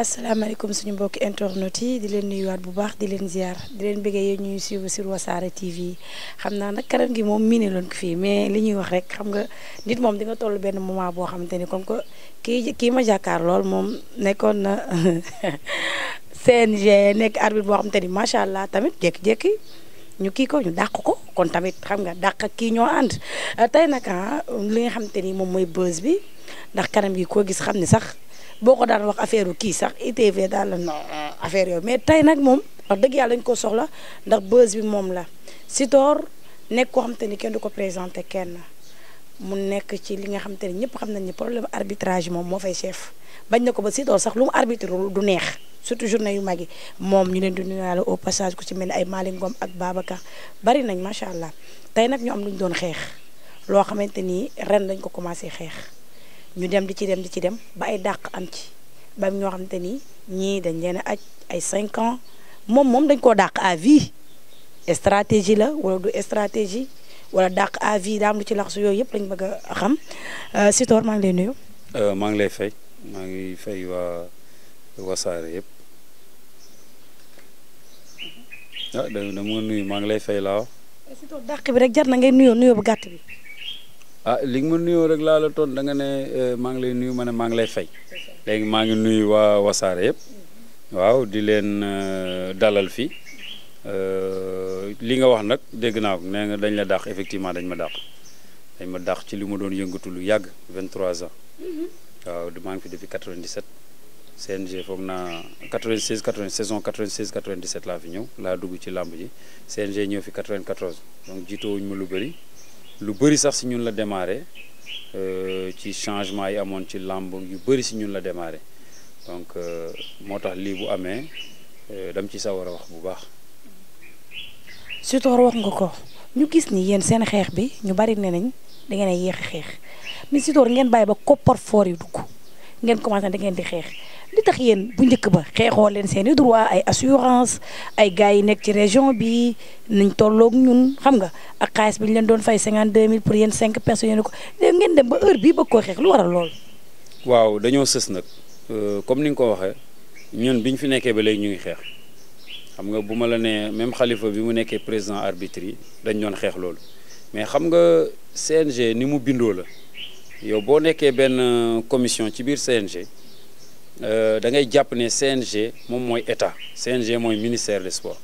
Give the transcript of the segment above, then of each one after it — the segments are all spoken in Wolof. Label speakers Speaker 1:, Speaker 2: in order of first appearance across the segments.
Speaker 1: asalaamaaleykum suñu mbokki internet yi di leen nuyuwaat bu baax di leen ziar di leen bëggee yéen ñuy suivre sur Wassare TV xam naa nag kanam gi moom miine loon ko fii mais li ñuy wax rek xam nga nit moom di nga benn moment boo xamante ni comme que kii kii ma jàkkaar lool moom nekkoon na seen CNG nekk arbitre boo xamante ni macha allah tamit jékki-jékki ñu kii ko ñu dàq ko kon tamit xam nga dàq ak kii ñoo ànd euh, tey nag ah, li nga xamante ni moom mooy buzz bi ndax kanam gi koo gis xam ni sax. boo ko daan wax affaire u kii sax ITV daal la no affaire yooyu mais tey nag moom wax dëgg yàlla dañ ko soxla ndax buzz bi moom la Sitor nekk koo xam te ni kenn du ko présenté kenn mu nekk ci li nga xam te ni ñëpp xam nañ ni problème arbitrage moom moo fay chef bañ na ko ba Sitor sax lu mu arbitre du neex surtout journée yu mag yi moom ñu leen di nuyuwaale au passage ku ci mel ni ay Malick Ngom ak Babacar bari nañ macha allah tey nag ñu am lu ñu doon xeex loo xamante ni ren lañ ko commencé xeex. ñu dem di ci dem di ci dem ba ay dàq am ci ba ñoo xam te ni ñii dañ leen a aj ay 5 ans moom moom dañ koo dàq à vie stratégie la wala du stratégie wala dàq à daam lu ci lax su yooyu yëpp dañ bëgg a xam euh, Sitor maa ngi lay nuyu.
Speaker 2: Euh, maa ngi lay fay maa ngi fay waa wasaare yëpp ah nuyu maa ngi lay fay laa.
Speaker 1: bi rek jar na ngay nuyoo nuyoo bu gàtt bi.
Speaker 2: a ah, li nga ma nuyoo rek laa la toon da nga ne eh, maa ngi lay nuyu ma ne maa ngi lay fay léegi maa ngi nuyu waa wasaare yëpp waaw di leen eh, dalal fii eh, li nga wax nag dégg naa ko nee nga dañ la dàq effectivement dañ ma dàq dañ ma dàq ci li ma doon yëngatu lu yàgg 23 ans mm-hmm. waaw maa ngi fi depuis 97 CNG foog naa 96 80 saison 96 97 laa fi ñëw laa dugg ci làmb ji CNG ñëw fi 94 donc jiitoo wuñ ma lu bëri. lu bëri sax si ñun la démarré euh, ci changement yi amoon ci làmb yu bëri si ñun la démarré donc euh, moo tax lii bu amee euh, dem ci sawar a wax bu baax.
Speaker 1: Sitor wax nga ko ñu gis ni yéen seen xeex bi ñu bari ne nañ da ngeen a yéex xeex mais Sitor ngeen bàyyi ba kopparfoor yi dugg ngeen commencé da ngeen di xeex. li tax yéen bu njëkk ba xeexoo leen seen i droit ay assurance ay gars yi nekk ci région bi nañ tollook ñun xam nga ak xaalis bi ñu leen doon fay cinquante deux mille pour yéen cinq personnes yéen ko ngeen dem ba heure bii bëgg ko xeex lu waral lool.
Speaker 2: waaw dañoo sës nag euh, comme ni nga ko waxee ñun bi ñu fi nekkee ba léegi ñu ngi xeex xam nga bu ma la nee même xalifa bi mu nekkee président arbitre yi dañ doon xeex loolu mais xam nga CNG ni mu bindoo la yow boo nekkee benn commission ci biir CNG. Euh, da ngay jàpp ne CNG moom mooy état CNG mooy ministère des sports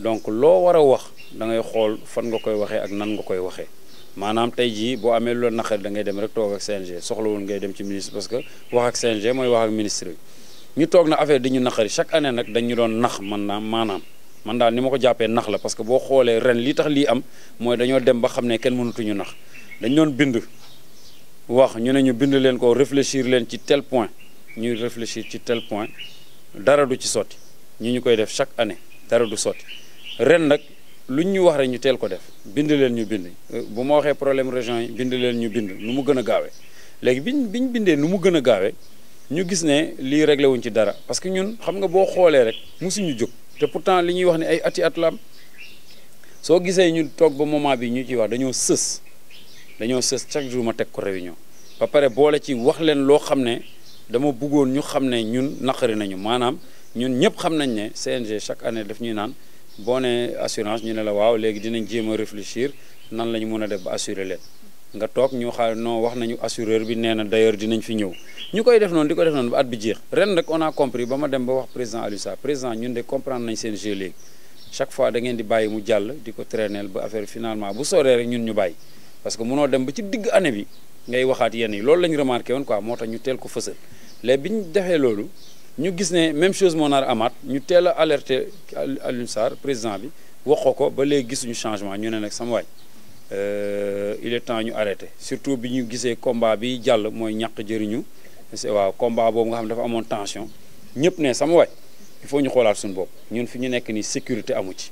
Speaker 2: donc loo war a wax da ngay xool fan nga koy waxee ak nan nga koy waxee maanaam tey jii boo amee lu la naqari da ngay dem rek toog ak soxla soxlawul ngay dem ci ministre parce que wax ak CNG mooy wax ak ministre bi ñu toog na affaire di ñu naqari chaque année nag dañu doon nax man naa maanaam man daal ni ma ko jàppee nax la parce que boo xoolee ren li tax li am mooy dañoo dem ba xam ne kenn mënatuñu nax dañ doon bind ñu ne ñu bind leen ko réfléchir leen ci tel point ñuy réfléchir ci tele point dara du ci sotti ñu ñu koy def chaque année dara du sotti ren nag luñ ñu wax rek ñu teel ko def bind leen ñu bind euh, bu ma waxee problème région yi bind leen ñu bind nu mu gën a gaawee léegi biñ biñ bindee nu mu gën a gaawee ñu gis ne lii réglé wuñ ci dara parce que ñun xam nga boo xoolee rek ñu jóg te temps li ñuy wax ne ay ati at la soo gisee ñu toog ba moment bi ñu ci wax dañoo sës dañoo sës chaque jour ma teg ko réunion ba xam ne dama bëggoon ñu xam ne ñun naqari nañu maanaam ñun ñëpp xam nañ ne CNG chaque année daf ñuy naan boo ne assurance ñu ne la waaw léegi dinañ jéem a réfléchir nan lañu mun mën a def ba assurer leen nga toog ñu xaar non wax nañu assureur bi nee na d'ailleurs dinañ fi ñëw ñu koy def noonu di ko def noonu ba at bi jeex ren rek on a compris ba ma dem ba wax président Aliou Sarr président ñun de comprendre nañ seen jeu léegi chaque fois da ngeen di bàyyi mu jàll di ko traîner ba affaire finalement bu soree rek ñun ñu bàyyi parce que mënoo dem ba ci digg bi ngay waxaat yenn yi loolu la ñu remarqué woon quoi moo tax ñu teel ko fësal léegi bi ñu defee loolu ñu gis ne même chose moo nar amaat ñu teel a alerté Alioune président bi waxoo ko ba léegi gisuñu changement ñu ne nag sama waay euh, il est temps ñu arrêté surtout bi ñu gisee combat bi jàll mooy ñàkk jëriñu c'est waaw combat boobu nga xam dafa amoon tension ñëpp ne sama waay il faut ñu xoolaat suñu bopp ñun fi ñu nekk nii sécurité amu ci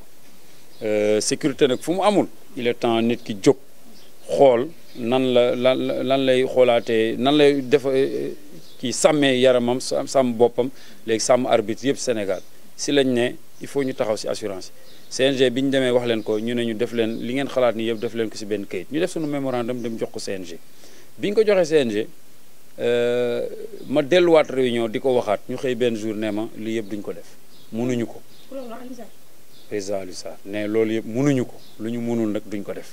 Speaker 2: euh, sécurité nag fu mu amul il est temps nit ki jóg. xool nan la lan lan lay xoolaatee nan lay def ci eh, eh, sàmmee yaramam sàmm boppam léegi sàmm arbitre yëpp Sénégal si lañ ne il faut ñu taxaw si assurance CNG bi ñu demee wax leen ko ñu ne ñu def leen li ngeen xalaat ni yëpp def leen ko si benn kayit ñu def suñu mémorandum dem jox ko CNG bi ñu ko joxee CNG euh, ma delluwaat réunion di ko waxaat ñu xëy benn jour ne ma lii yëpp duñ ko def munuñu ko président Alioune Sarr ne loolu yëpp munuñu ko lu ñu mënul nag duñ ko def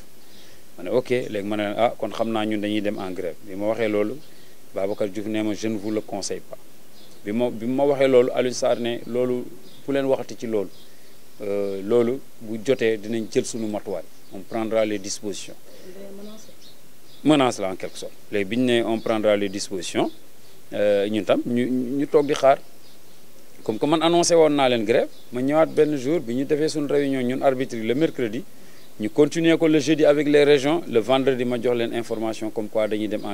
Speaker 2: ma ok léegi ma ne ah kon xam naa ñun dañuy dem en grève bi ma waxee loolu Babacar Diouf ne ma je ne vous pas bi ma bi ma waxee loolu Alioune Sarr ne loolu bu leen waxati ci loolu euh, loolu bu jotee dinañ jël suñu matuwaay om prendra les dispositions menace la en quelque sorte bi ñu ne on prendra les dispositions euh, ñun tam ñu ñu toog di xaar comme que man annoncé woon naa leen grève ma ñëwaat benn jour bi ñu defee suñu réunion ñun arbitre le mercredi ñu continuer ko le jeudi avec les régions le vendredi ma jox leen information comme quoi dañuy dem en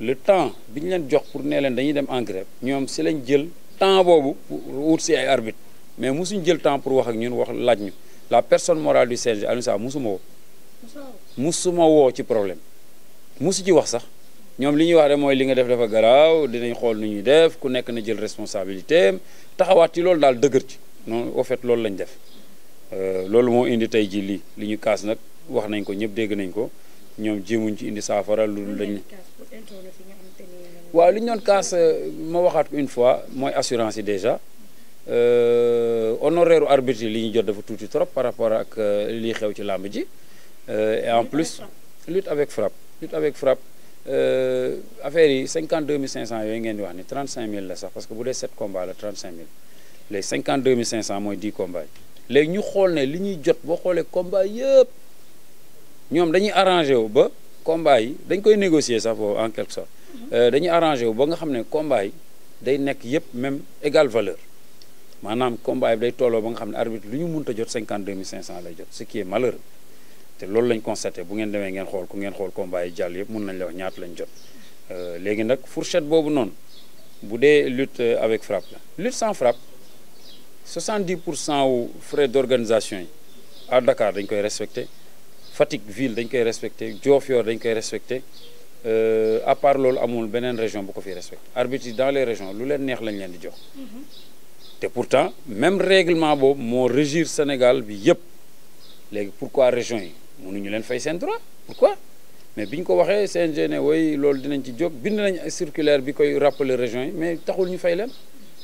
Speaker 2: le temps bi ñu leen jox pour nee leen dañuy dem en ñoom si lañ jël temps boobu wut si ay arbitre mais musuñ jël temps pour wax ak ñun wax laaj ñu la personne morale du CNG Alioune Sarr musuma woo musuma woo ci problème musu ci wax sax ñoom li ñuy wax rek mooy li nga def dafa garaaw dinañ xool nu ñuy def ku nekk na jël responsabilité am taxawaat ci loolu daal dëgër ci noonu au fait loolu lañ def Euh, loolu moo indi tey ji lii li ñu kaas nag wax nañ ko ñëpp dégg nañ ko ñoom jéemuñ ci indi saafara loolu lañ waaw li ñu doon kaas euh, ma waxaat ko une fois mooy assurance yi déjà euh, honoraire u arbitre li ñu jot dafa tuuti trop par rapport ak lii xew ci làmb ji et en plus lutte avec frappe lutte avec frappe affaire yi 52 500 yooyu ngeen di la sax parce que bu dee 7 combats la 35 000 les 52 500 mooy 10 combats yi léegi ñu xool ne li ñuy jot boo xoolee combat yëpp ñoom dañuy arrangé wu ba combat dañ koy négocier sax foofu en quelque sorte mhm. euh, wu ba nga xam ne combat day nekk yëpp même égale valeur maanaam combat bi day ba nga xam ne arbitre lu ñu mënta jot cinquante deux mille cinq lay jot ce qui est malheureux loolu lañ constaté bu ngeen demee ngeen xool ku ngeen xool combat jàll yëpp mun nañ la wax ñaata lañ jot euh, léegi nag fourchette boobu noonu bu dee lutte avec frappe la lutte sans frappe 70 pour cent wu frais d' organisation yi à Dakar dañ koy respecté Fatick ville dañ koy respecté Diofior dañ koy respecté euh, à part loolu amul beneen région bu ko fi respecté arbitre dans les région lu leen neex lañ leen di jox. Mm-hmm. te pourtant même réglement boobu moo régir Sénégal bi yëpp léegi pourquoi région yi ñu leen fay seen droit pourquoi mais bi ñu ko waxee CNG ne way loolu dinañ ci jóg bind nañ circulaire bi koy rappeler région yi mais taxul ñu fay leen.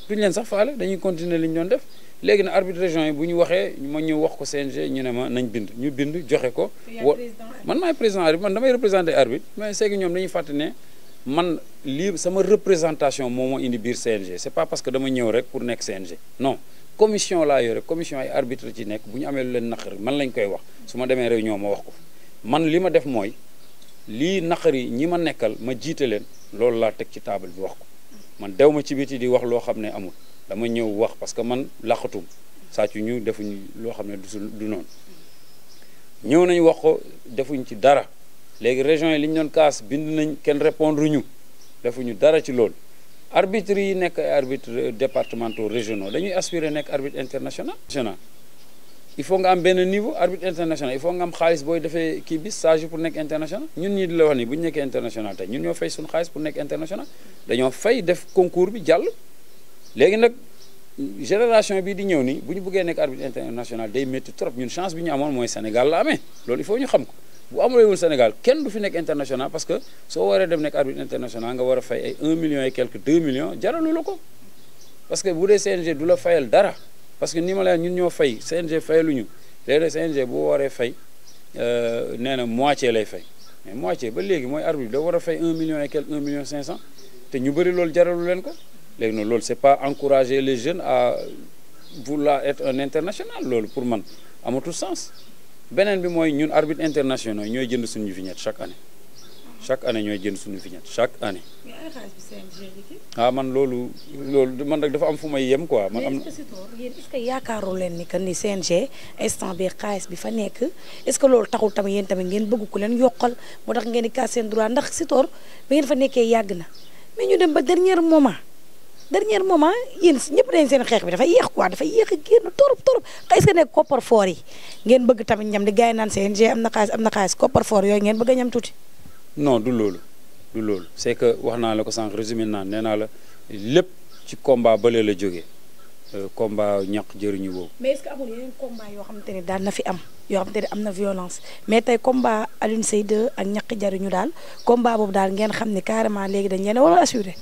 Speaker 2: duñ leen sax faale dañuy continuer li ñu doon def léegi na arbitre région yi bu ñu waxee ma ñëw wax ko CNG ñu ne ma nañ bind ñu bind joxe ko. wa man maay président arbitre man damay représenté arbitre mais c'est que ñoom dañuy fàtte ne man lii sama représentation moom moo indi biir CNG c'est pas parce que dama ñëw rek pour nekk CNG non. commission laa yore commission ay arbitre ci nekk bu ñu amee lu leen naqari man lañ koy wax su ma demee réunion ma wax ko man li ma def mooy lii yi ñi ma nekkal ma jiite leen loolu laa teg ci table bi wax ko man dew ma ci biti di wax loo xam ne amul dama ñëw wax parce que man laqatum sàccu ñu defuñu loo xam ne du noonu ñëw nañu wax ko defuñ ci dara léegi région yi li ñu doon kaas bind nañ kenn répondre ñu defuñu dara ci loolu arbitre yi nekk ay arbitre départementaux régionaux dañuy aspirer nekk arbitre international il faut nga am benn niveau arbitre international il faut nga am xaalis booy defee kii bi stage pour nekk international ñun ñii di la wax ni bu ñu nekkee international tey ñun ñoo fay suñu xaalis pour nekk international dañoo fay def concours bi jàll léegi nag génération bii di ñëw nii bu ñu bëggee nekk arbitre international day métti trop ñun chance bi ñu amoon mooy Sénégal la amee loolu il faut ñu xam ko bu amulewul Sénégal kenn du fi nekk international parce que soo waree dem nekk arbitre international nga war a fay ay 1 million et quelque 2 la ko parce que bu dee CNG du la fayal dara parce que nii ma la ñun ñoo fay CNG fayaluñu léeg-léeg CNG boo waree fay euh, nee na moitié lay fay mais moitié ba léegi mooy arbitre da war a fay 1 million et quelque 1 million 500 te ñu bëri loolu jaralu leen ko léegi noonu loolu c'est pas encourager les jeunes à vouloir être un international loolu pour man amatul sens beneen bi mooy ñun arbitre internationaux ñooy jënd suñu vignette chaque année. chaque année ñooy jënd suñu vignette chaque année. ah man loolu loolu man rek dafa am fu may yem quoi. man am
Speaker 1: leen ni que ni CNG instant bi xaalis bi fa nekk est-ce que loolu taxul tamit tamit ngeen bëgg ku leen yokkal moo tax ngeen di kaas seen droit ndax Sitor bi ngeen fa nekkee yàgg na mais ñu dem ba dernier moment dernier moment yéen ñëpp dañ seen xeex bi dafa yéex quoi dafa yéex a génn torop torop xëy est-ce que nekk koppar foor yi ngeen bëgg tamit ñam di gars yi naan CNG am na xaalis am na xaalis koppar foor yooyu ngeen bëgg a ñam
Speaker 2: non du loolu loolu c'est que wax naa la ko sànq résumé naa nee naa la lépp ci combat bële la jóge euh, combat ñàkk jëriñu boobu.
Speaker 1: mais est-ce que yoo xamante ne daal na fi am yoo xamante ne am na violence mais tey combat Alioune Seye 2 ak ñàkk jëriñu daal combat boobu daal ngeen xam ne carrément léegi dañ leen a war a assuré.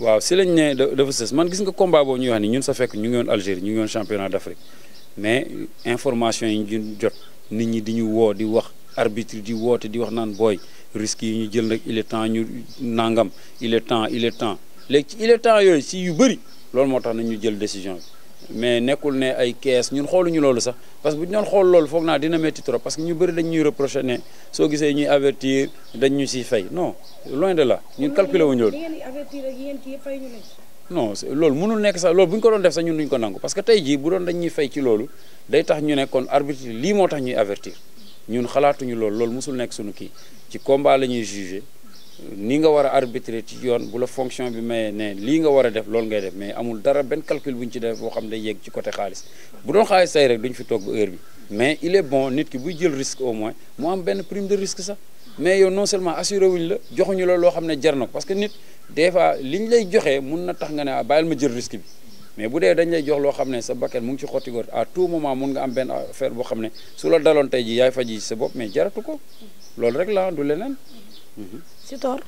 Speaker 2: waaw si lañ ne dafa sës man gis nga combat boobu ñu wax ni ñun sa fekk ñu ngi woon Algérie ñu ngi woon championnat d'Afrique mais information yi ñu jot nit ñi di ñu woo di wax arbitre di woote di wax naan booy. risques yi ñu jël nag il est temps ñu nangam il est temps il est temps léegi ci il est temps yooyu si yu bëri loolu moo tax na ñu jël décision bi mais nekkul ne ay kees ñun xooluñu loolu sax parce que bu ñu doon xool loolu foog naa dina métti parce que ñu bëri dañu ñuy reproché ne soo gisee ñuy avertir dañ ñu siy fay non loin de là ñun calculé wuñu loolu. non loolu mënul nekk sax loolu bu ñu ko doon def sax ñun duñ ko nangu parce que tey jii bu doon dañ ñuy fay ci loolu day tax ñu ne kon arbitre lii moo tax ñuy avertir. ñun xalaatuñu loolu loolu musul nekk suñu kii ci combat la ñuy jugé ni nga war a arbitrer ci yoon bu la fonction bi mayee ne li nga war a def loolu ngay def mais amul dara benn calcul bu ci def boo xam ne yéeg ci côté xaalis bu doon xaalis tey rek duñ fi toog ba heure bi mais il est bon nit ki buy jël risque au moins mu am benn prime de risque sax mais yow non seulement assuré wuñ la joxuñu la loo xam ne jar na ko parce que nit des fois liñ lay joxee mun na tax nga ne ah ma jël risque bi mais bu dee dañ lay jox loo xam ne sa bakkan mu ngi ci xotti góor à tout moment mun nga am benn affaire boo xam ne su la daloon tey ji yaay faj ji sa bopp mais jaratu ko loolu rek la du leneen. Mhm.
Speaker 1: Sitor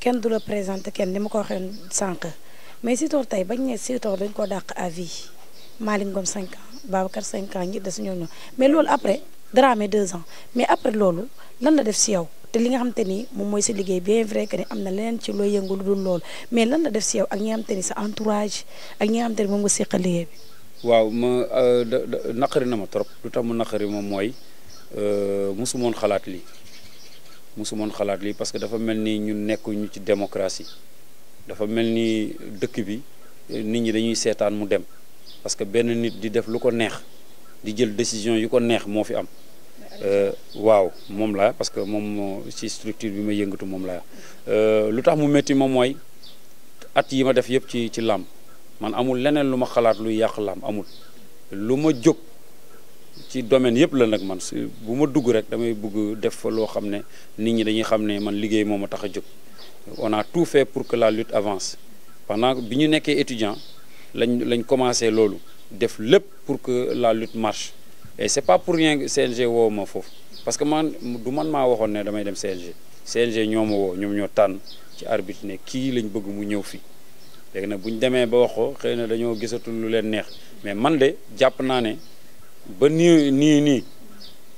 Speaker 1: kenn du la présenté kenn ni ma ko waxee sànq mais Sitor tey bañ ne Sitor dañ ko dàq à vie Malick Ngom 5 ans Babacar 5 ans ñi des ñoo ñoo mais loolu après Dramé 2 ans mais après loolu lan la def si yow. te li nga xamante ni moom mooy sa liggéey bien vrai que ni am na leneen ci looy yëngu lu dul loolu mais lan la def si yow ak ñi nga ni sa entourage ak ñi nga ni moom nga seqal liggéey bi.
Speaker 2: waaw ma euh, naqari na ma trop lu tax mu naqari moom mooy euh, musumoon xalaat li musumoon xalaat lii parce que dafa mel ni ñun nekkuñu ci démocratie dafa mel ni dëkk bi euh, nit ñi dañuy seetaan mu dem parce que benn nit di def lu ko neex di jël décision yu ko neex moo fi am. Euh, waaw moom laa parce que moom ci structure bi ma yëngatu moom laa euh, lu tax mu métti moom mooy at yi ma def yëpp ci ci làmb man amul leneen lu ma xalaat luy yàq làmb amul lu ma jóg ci domaine yëpp la nag man su bu ma dugg rek damay bugg def fa loo xam ne nit ñi dañuy xam ne man liggéey moom ma tax a jóg on tout fait pour que la lutte avance pendant bi ñu nekkee étudiant lañ lañ commencé loolu def lépp pour que la lutte marche et c'est pas pour rien que CNG woowu ma foofu parce que man du man maa waxoon ne damay dem CNG CNG ñoo woo ñoom ñoo tànn ci arbitre ne kii lañ bëgg mu ñëw fii léegi nag bu ñu demee ba wax ko xëy na dañoo gisatul lu leen neex mais man de jàpp naa ne ba nii nii nii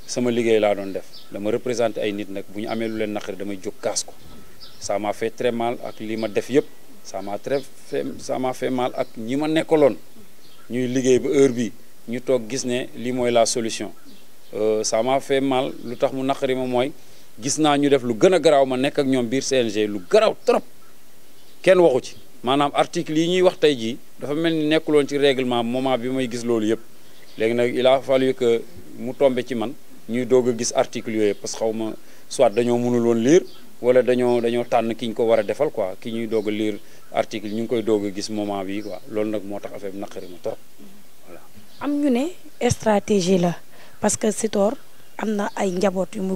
Speaker 2: sama liggéey laa doon def dama représenté ay nit nag bu ñu amee lu leen naqari damay jóg kaas ko ça m'a fait très mal ak li ma def yëpp ça m'a très fait ça fait mal ak ñi ma nekkaloon ñuy liggéey ba heure bii ñu toog gis ne lii mooy la solution euh, ça m'a fait mal lu tax mu naqari ma mooy gis naa ñu def lu gën a garaaw ma nekk ak ñoom biir CNG lu garaaw trop kenn waxu ci maanaam article yi ñuy wax tey jii dafa mel ni nekkuloon ci règlement moment bi may gis loolu yëpp léegi nag il a fallu que mu tombe ci man ñuy doog a gis article yooyu parce que xaw ma soit dañoo mënul liir lire wala dañoo dañoo tànn ki ñu ko war a defal quoi ki ñuy doog liir lire ñu ngi koy doog a gis moment bi quoi loolu nag moo tax affaire bi naqari ma trop
Speaker 1: am ñu ne stratégie la parce que Sitor am na ay njaboot yu mu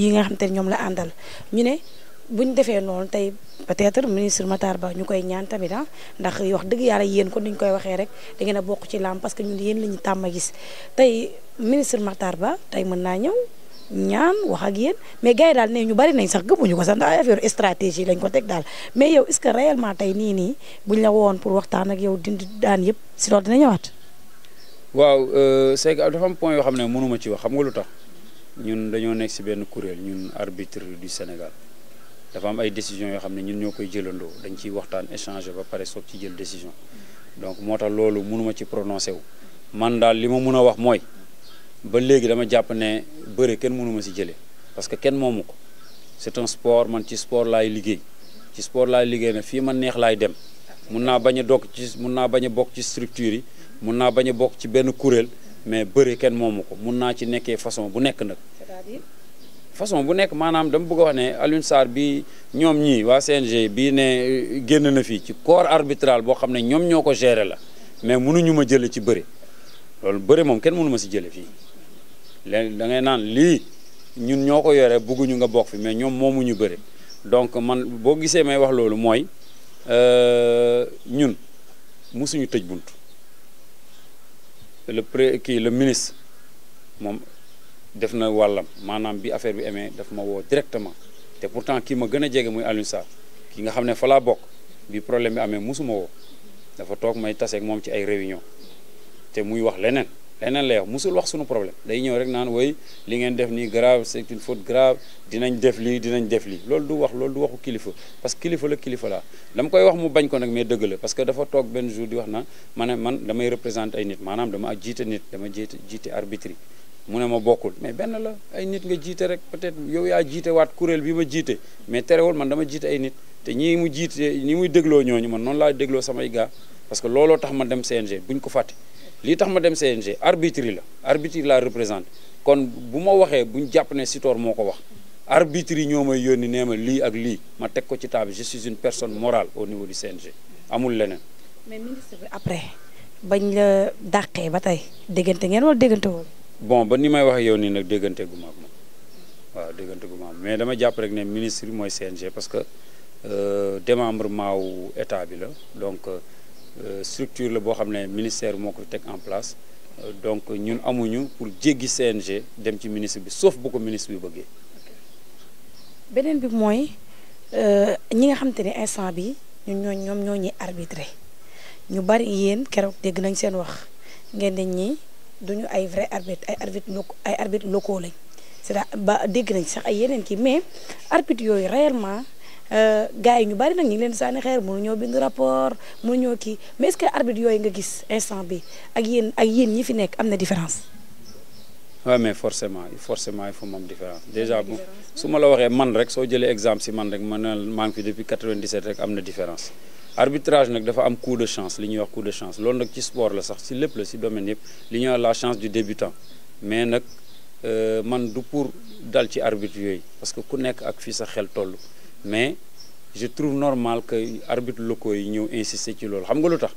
Speaker 1: yi nga xam te ñoom la àndal ñu ne buñ defee noonu tey peut-être ministre Matar Ba ñu koy ñaan tamit ah ndax wax dëgg yàlla yéen ko ñu koy waxee rek da ngeen a bokk ci làmb parce que ñun yéen la ñu tàmm a gis tey ministre Matar Ba tey mën naa ñëw ñaan wax ak yéen mais gars daal ne ñu bari nañ sax gëmuñu ko sax ndax ay affaire stratégie lañ ko teg daal mais yow est-ce que réellement tey nii nii buñ la wowoon pour waxtaan ak yow dindi daan yëpp si loolu dina ñëwaat.
Speaker 2: waaw euh, c'est que dafa point yoo xam ne mënuma ci wax xam nga lu tax ñun dañoo nekk si benn kuréel ñun arbitre du Sénégal dafa am ay décisions yoo xam ne ñun ñoo koy jëlandoo dañ ciy waxtaan échanger ba pare soog ci jël décision donc moo tax loolu mënuma ci prononcé wu man daal li ma mun a wax mooy ba léegi dama jàpp ne bëre kenn mënuma si jëlee parce que kenn moomu ko c'est un sport man ci sport laay liggéey ci sport laay liggéey na fii ma neex laay dem mun naa bañ a dokk ci mun naa bañ a bokk ci structure yi mun naa bañ a bokk ci benn kuréel mais bëre kenn moomu ko mun naa ci nekkee façon bu nekk nag. façon bu nekk maanaam dama bëgg a wax ne Alioune Sarr bi ñoom ñi waa CNG bii ne euh, génn na fii ci corps arbitral boo xam ne ñoom ñoo ko gérer la mais mënuñu ma jële ci bëre loolu bëre moom kenn mënu ma si jële fii léegi da ngay naan lii ñun ñoo ko yore bëgguñu nga bokk fi mais ñoom moomuñu bëre donc man boo gisee may wax loolu mooy euh, ñun musuñu tëj bunt le pré kii le ministre moom def na wàllam maanaam bi affaire bi amee dafa ma woo directement te pourtant kii ma gën a jege muy Alioune Sarr ki nga xam ne fa bokk bi problème bi amee mosuma woo dafa toog may taseeg moom ci ay réunion te muy wax leneen leneen lay wax musul wax suñu problème day ñëw rek naan woy li ngeen def nii grave c'est une grave dinañ def lii dinañ def lii loolu du wax loolu du waxu kilifa parce que kilifa la kilifa la dama koy wax mu bañ kon nag mais dëgg la parce que dafa toog benn jour di wax na ma man damay représenter ay nit maanaam dama jiite nit dama jiite jiite arbitre mu ne ma bokkul mais benn la ay nit nga jiite rek peut-être yow yaa jiite waat kuréel bi ma jiite mais terewul man dama jiite ay nit te ñii mu jiite ñi muy dégloo ñooñu man noonu laa dégloo samay gars parce que looloo tax ma dem CNG buñ ko fàtte lii tax ma dem CNG arbitre la arbitre la représente kon bu ma waxee buñ jàpp ne Sitor moo ko wax arbitre yi ñoo may yónni nee ma lii ak lii ma teg ko ci table je suis une personne morale au niveau du CNG amul leneen.
Speaker 1: mais ministre bi après bañ la dàqee ba tey déggante ngeen wala déggante woon.
Speaker 2: bon ba ni may wax yow nii nag déggante gu ma waaw déggante gu ma mais dama jàpp rek ne ministre bi mooy CNG parce que euh, démembrement wu état bi la donc. Euh, Euh, structure la boo xam ne ministère moo ko teg en place euh, donc ñun amuñu pour jéggi CNG dem ci ministre bi sauf bu ko ministre bi bëggee.
Speaker 1: beneen bi mooy euh, ñi nga xamante ne instant bi ñu ñoo ñoom ñoo ñuy arbitré ñu bari yéen keroog dégg nañ seen wax ngeen ne ñi duñu ay vrai arbitre ay arbitre lo ay arbitre locaux lañ cest à dégg nañ sax ay yeneen kii mais arbitre yooyu réellement. Euh, gars yi ñu bari nag ñu ngi leen sànni xeer mënuñoo bind rapport mënuñoo kii mais est-ce que arbitre yooyu nga gis instant bi ak yéen ak yéen ñi fi nekk am na différence.
Speaker 2: waaw mais forcément forcément il faut moom différence déjà bu su ma la waxee man rek soo jëlee exemple si man rek ma ne maa ngi fi depuis 97 rek am na différence. arbitrage nag dafa am coup de li ñuy wax coup de loolu nag ci sport la sax si lépp si domaine yëpp li ñuy wax la mais nag euh, man du pour dal ci arbitre yooyu parce que ku nekk ak fii sa xel toll. mais je trouve normal que arbitre locaux yi ñëw insister ci loolu xam nga lu tax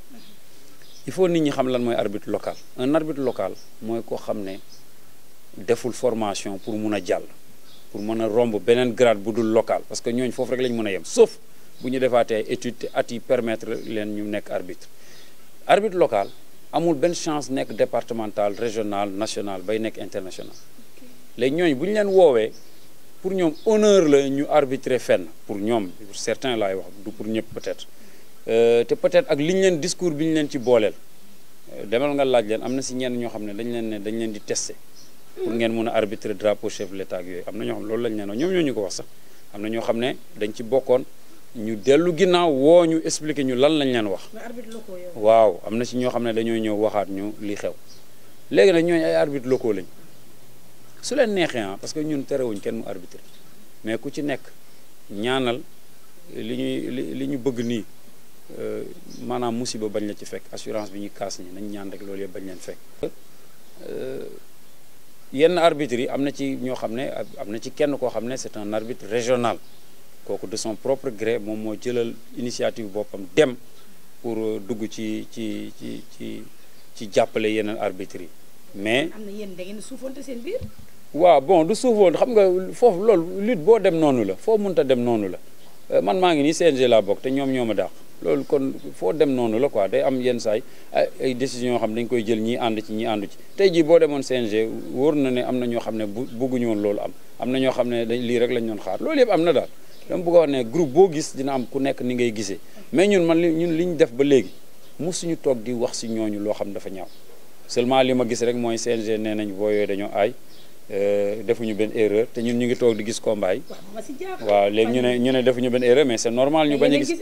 Speaker 2: il faut nit ñi xam lan mooy arbitre local un arbitre local mooy koo xam ne deful formation pour mun a jàll pour mën a romb beneen grade bu dul local parce que ñooñ foofu rek lañ ñu mën a yem sauf bu ñu defaatee ay étude te at yi permettre leen ñu nekk arbitre arbitre local amul benn chance nekk départemental régional national bay nekk international léegi ñooñu bu leen woowee pour ñoom honneur la ñu arbitrer fenn pour ñoom pour laay wax du pour ñëpp peut-être euh, te peut-être ak liñ ñu leen discours bi ñu leen ci booleel euh, demal nga laaj leen am na si ñenn ñoo xam ne dañ leen ne dañ leen di tester pour ngeen mun a arbitrer drapeau chef de ak yooyu am na ñoo xam loolu lañ leen wax ñoo ñu ko wax sax am na ñoo xam ne dañ ci bokkoon ñu dellu ginnaaw woo ñu expliquer ñu lan lañ leen wax. waaw am na si ñoo xam ne dañoo ñëw waxaat ñu li xew léegi nag ñooñu ay arbitre locaux lañ. su leen neexee ah parce que ñun terewuñ kenn mu arbitre mais ku ci nekk ñaanal li ñuy li ñu bëgg nii euh, maanaam musiba bañ la ci fekk assurance bi ñuy kaas ñi nañ ñaan rek loolu yëpp bañ leen fekk. Euh, yenn arbitres yi am na ci ñoo xam ne am na ci kenn koo xam ne c'est un arbitre régional kooku de son propre gré moom moo jëlal initiative boppam dem pour euh, dugg ci ci ci ci ci jàppale yeneen arbitres yi. mais am na waaw bon du suufoon xam nga foofu lool lit boo dem noonu la foo mënta dem noonu la euh, man maa ngi nii CNG laa bokk te ñoom ñoo ma dàq loolu kon foo dem noonu la quoi day am yenn saay ay décision yoo xam dañ koy jël ñii ànd ci ñii àndu ci tey jii boo demoon CNG wóor na ne am na ñoo xam ne bu bëgguñu woon loolu am am na ñoo xam ne dañ lii rek lañ doon xaar loolu yëpp am na daal dama bëgg a wax ne groupe boo gis dina am ku nekk ni ngay gisee mais ñun man ñun li ñu def ba léegi mu suñu toog di wax si ñooñu loo xam dafa ñaaw seulement lii ma gis rek mooy CNG nee nañ boo yooyu dañoo aay euh, defuñu benn erreur te ñun ñu ngi toog di gis combat yi
Speaker 1: waaw léegi ñu ne
Speaker 2: ñu ne defuñu benn erreur mais c'est normal ñu bañ a gis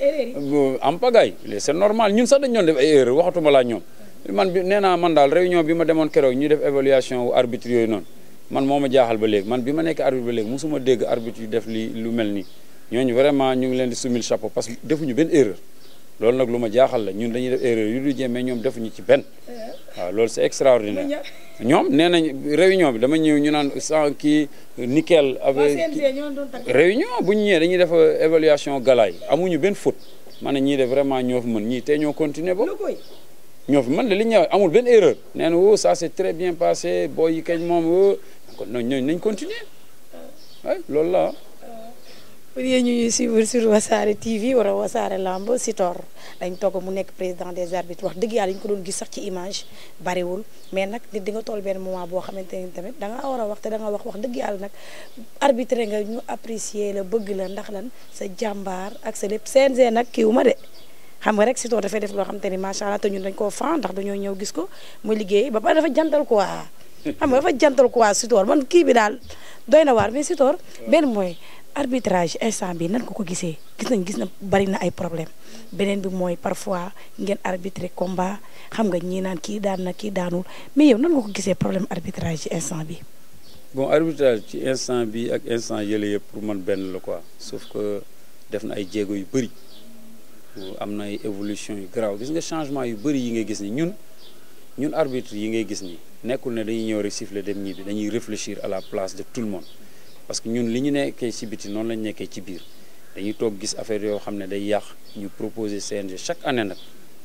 Speaker 2: am pagaay c'est normal ñun sax dañ doon def ay erreur waxatuma laa ñoom man bi nee naa man daal réunion bi ma demoon keroog ñu def évaluation wu arbitre yooyu noonu man moo ma jaaxal ba léegi man bi ma nekk arbitre ba léegi musuma dégg arbitre yu def li lu mel nii ñooñu vraiment ñu ngi leen di sumil chapeau parce que defuñu benn erreur loolu nag lu ma jaaxal la ñun dañuy def erreur yu du jéem mais ñoom defuñu ci benn eh? waaw loolu c'est extraordinaire ñoom nee nañ réunion bi dama ñëw ñu naan sans kii nickel avec
Speaker 1: réunion bu
Speaker 2: ñu ñëwee dañuy def euh, évaluation galaay amuñu benn faute ma ne ñii de vraiment ñoo fi ñi ñii tey ñoo continuer ba ñoo fi mën de li ñu amul benn erreur nee na woo oh, sa c'est très bien passé booy yi kañ moom woo oh. kon ñooñu nañ continuer eh. a loolu la
Speaker 1: pour yéen ñu ñuy suivre sur Wassare TV wala Wassare Lamb Sitor dañ togg mu nekk président des arbitres wax dëgg yàlla ñu ko doon gis sax ci image bariwul mais nag nit di nga tool benn moment boo xamante ni tamit da war a wax te da wax dëgg yàlla nag arbitre nga ñu apprécier la bëgg la ndax lan sa jàmbaar ak sa lépp CNG nag kiiwu ma de xam nga rek Sitor dafay def loo xam ni macha allah ñun dañ koo fan ndax dañoo ñëw gis ko muy liggéey ba pare dafa jantal quoi xam nga dafa jantal quoi Sitor man kii bi daal doy na waar mais Sitor benn mooy arbitrage instant bi nan ko ko gisee gis nañ gis na bari na ay problème beneen bi mooy parfois ngeen arbitré combat xam nga ñii naan kii daan na kii daanul mais yow nan nga ko gisee problème arbitrage ci instant bi
Speaker 2: bon arbitrage ci instant bi ak instant yële yëpp pour man benn la quoi sauf ko def na ay jéego yu bëri am na ay évolution yu garaaw gis nga changement yu bëri yi ngay gis ni ñun ñun arbitre yi ngay gis ni nekkul ne dañuy ñëw rek siffler dem ñibbi dañuy réfléchir à la place de tout le monde parce que ñun li ñu nekkee ci biti noonu lañu nekkee ci biir dañuy toog gis affaire yoo xam ne day yàq ñu proposer CNG chaque année nag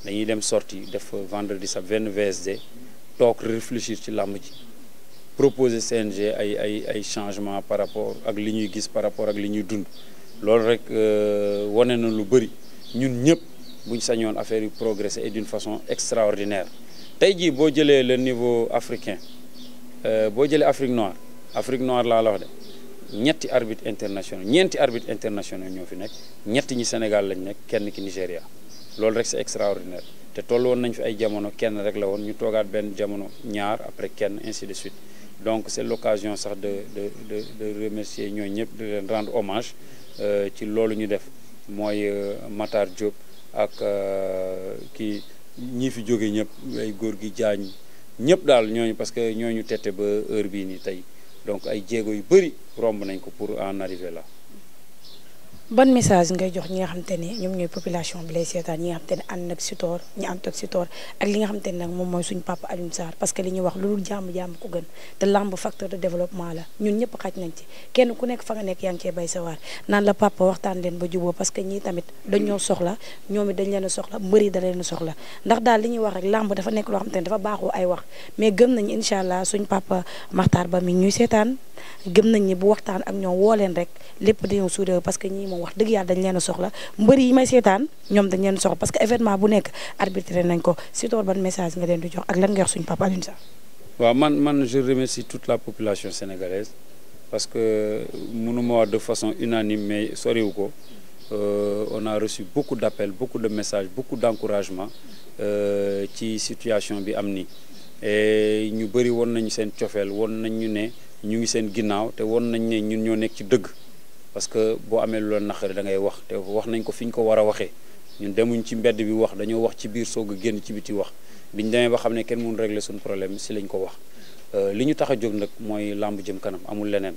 Speaker 2: dañuy dem sorti def vendredi sa benn VSD toog réfléchir ci làmb ji proposer CNG ay ay ay changement par rapport ak li ñuy gis par rapport ak li ñuy dund loolu rek euh, wane na lu bëri ñun ñëpp buñ sañoon affaire yu progresser et d'une façon extraordinaire tey jii boo jëlee le niveau africain euh, boo jëlee Afrique noire Afrique noire laa la wax de ñetti arbitre internationaux ñeenti arbitre internationaux ñoo fi nekk ñetti ñi Sénégal lañ nekk kenn ki Nigéria loolu rek c'est extraordinaire te toll woon nañ fi ay jamono kenn rek la woon ñu toogaat benn jamono ñaar après kenn ainsi de suite donc c'est l'occasion sax de de de de ñooñu ñëpp di leen rendre hommage euh, ci loolu ñu def mooy euh, Matar Diop ak euh, kii ñi fi jóge ñëpp ay góor gi jaañ ñëpp daal ñooñu parce que ñooñu tette ba heure bii nii tey donc ay jéego yu bëri romb nañ ko pour en arriver là
Speaker 1: ban message ngay jox ñi nga xamante ne ñoom ñooy population bi lay seetaan ñi nga xamante ne ànd nag Sitor ñi ànd nag moom mooy suñu papa Alioune Sarr parce que li ñuy wax lu dul jàmm ko gën te làmb facteur de développement la ñun ñëpp xaj nañ ci kenn ku nekk fa nga nekk yaa ngi cee bay sawaar naan la papa waxtaan leen ba juboo parce que ñii tamit dañ ñoo soxla ñoom it dañ leen a soxla mbëri da leen a soxla ndax daal li ñuy wax rek làmb dafa nekk loo xamante ne dafa baaxoo ay wax mais gëm nañ incha allah suñ papa Makhtar Ba mi ñuy seetaan nañ ni bu waxtaan ak ñoom woo leen rek lépp dañoo moom wax dëgg yàlla dañ leen a soxla mbër yi may seetaan ñoom dañ leen soxla parce que événement bu nekk arbitré nañ ko si toor ban message nga leen di jox ak lan nga wax suñu papa Alioune Sarr
Speaker 2: waaw man man je remercie toute la population sénégalaise parce que mënuma wax de façon unanime mais soriwu ko Euh, on a reçu beaucoup d'appels beaucoup de messages beaucoup d'encouragement euh, ci situation bi am nii et ñu bëri woon nañu seen cofeel woon nañ ñu ne ñu ngi seen ginnaaw te parce que boo amee lu la naqari da ngay wax te wax nañ ko fi ñu ko war a waxee ñun demuñ ci mbedd bi wax dañoo wax ci biir soog a génn ci biti wax biñ demee ba xam ne kenn mun régler suñu problème si lañ ko wax euh, li ñu tax a jóg nag mooy làmb jëm kanam amul leneen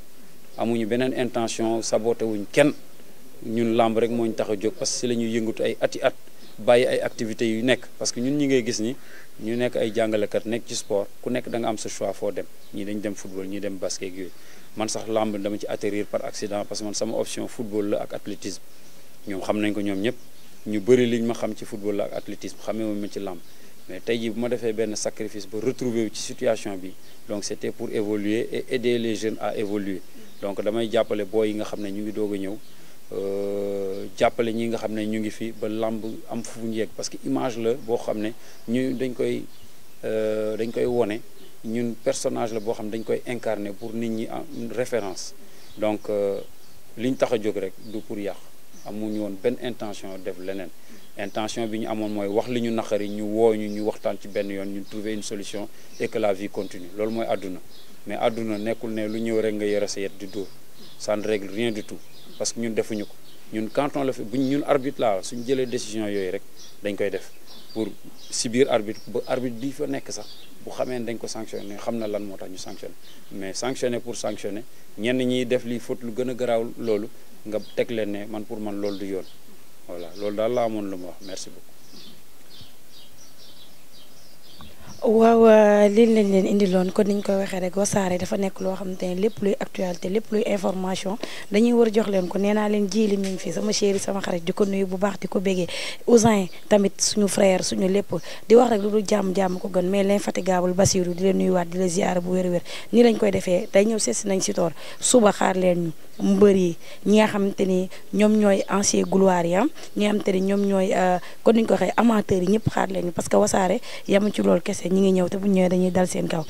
Speaker 2: amuñu beneen intention saboté wuñ kenn ñun làmb rek moo ñu tax a jóg parce que si la ñuy yëngatu ay ati at bàyyi ay activité yu nekk parce que ñun ñi ngay gis ni ñu nekk ay jàngalekat nekk ci sport ku nekk da nga am sa choix foo dem ñii dañ dem football ñii dem basket yooyu man sax làmb dama ci atterrir par accident parce que man sama option football la ak athlétisme ñoom xam nañ ko ñoom ñëpp ñu bëri liñ ma xam ci football la ak athlétisme xamee wu ma ci làmb mais tey jii bu ma defee benn sacrifice ba retrouver ci situation bi donc c'était pour évoluer et aider les jeunes à évoluer donc damay jàppale booy yi nga xam ne ñu ngi doog a ñëw euh, jàppale ñi nga xam ne ñu ngi fi ba làmb am fu ñu yegg parce que image la boo xam ne ñu dañ koy euh, dañ koy wone ñun personnage la boo xam dañ koy incarner pour nit ñi en référence donc euh, li ñu tax a jóg rek du pour yàq amuñu woon benn intention def leneen intention bi ñu amoon mooy wax li ñu naqari ñu woo ñu ñu waxtaan ci benn yoon ñu trouver une solution et que la vie continue loolu mooy àdduna mais àdduna nekkul ne lu ñëw rek nga yore sa yet di dóor ça ne règle rien du tout parce que ñun defuñu ko ñun quand on le fait bu ñun arbitre la suñu jëlee décision yooyu rek dañ koy def pour si biir arbitre ba arbitre bi fa nekk sax bu xamee ne dañ ko sanctionné xam na lan moo tax ñu sanctionné mais sanctionné pour sanctionné ñenn ñiy def lii faute lu gën a garaaw loolu nga teg leen ne man pour man loolu du yoon voilà loolu daal laa amoon lu ma wax merci beaucoup.
Speaker 1: waaw euh, lii lañ leen indiloon kon niñ koy waxee rek wasaare dafa nekk loo xamante ne lépp luy actualité lépp luy information dañuy war jox leen ko nee naa leen ji li ñu fi sama chéri sama xarit di ko nuyu bu baax di ko bégee Ousin tamit suñu frère suñu lépp di wax rek lu dul jàmm-jàmm ko gën mais l'infatigable Basirou di leen nuyuwaat di la ziyaara bu wér-wér nii lañ koy defee day ñëw si nañ si toor suba xaar leen ñu mbër yi ñi nga xamante ni ñoom ñooy ancien gloire yi ñi nga xamante ni ñoom ñooy kon euh, ni ñu ko waxee amateurs yi ñëpp xaar leen parce que wasaare yamu ci loolu kese ñi ngi ñëw te bu ñëwee dañuy dal seen kaw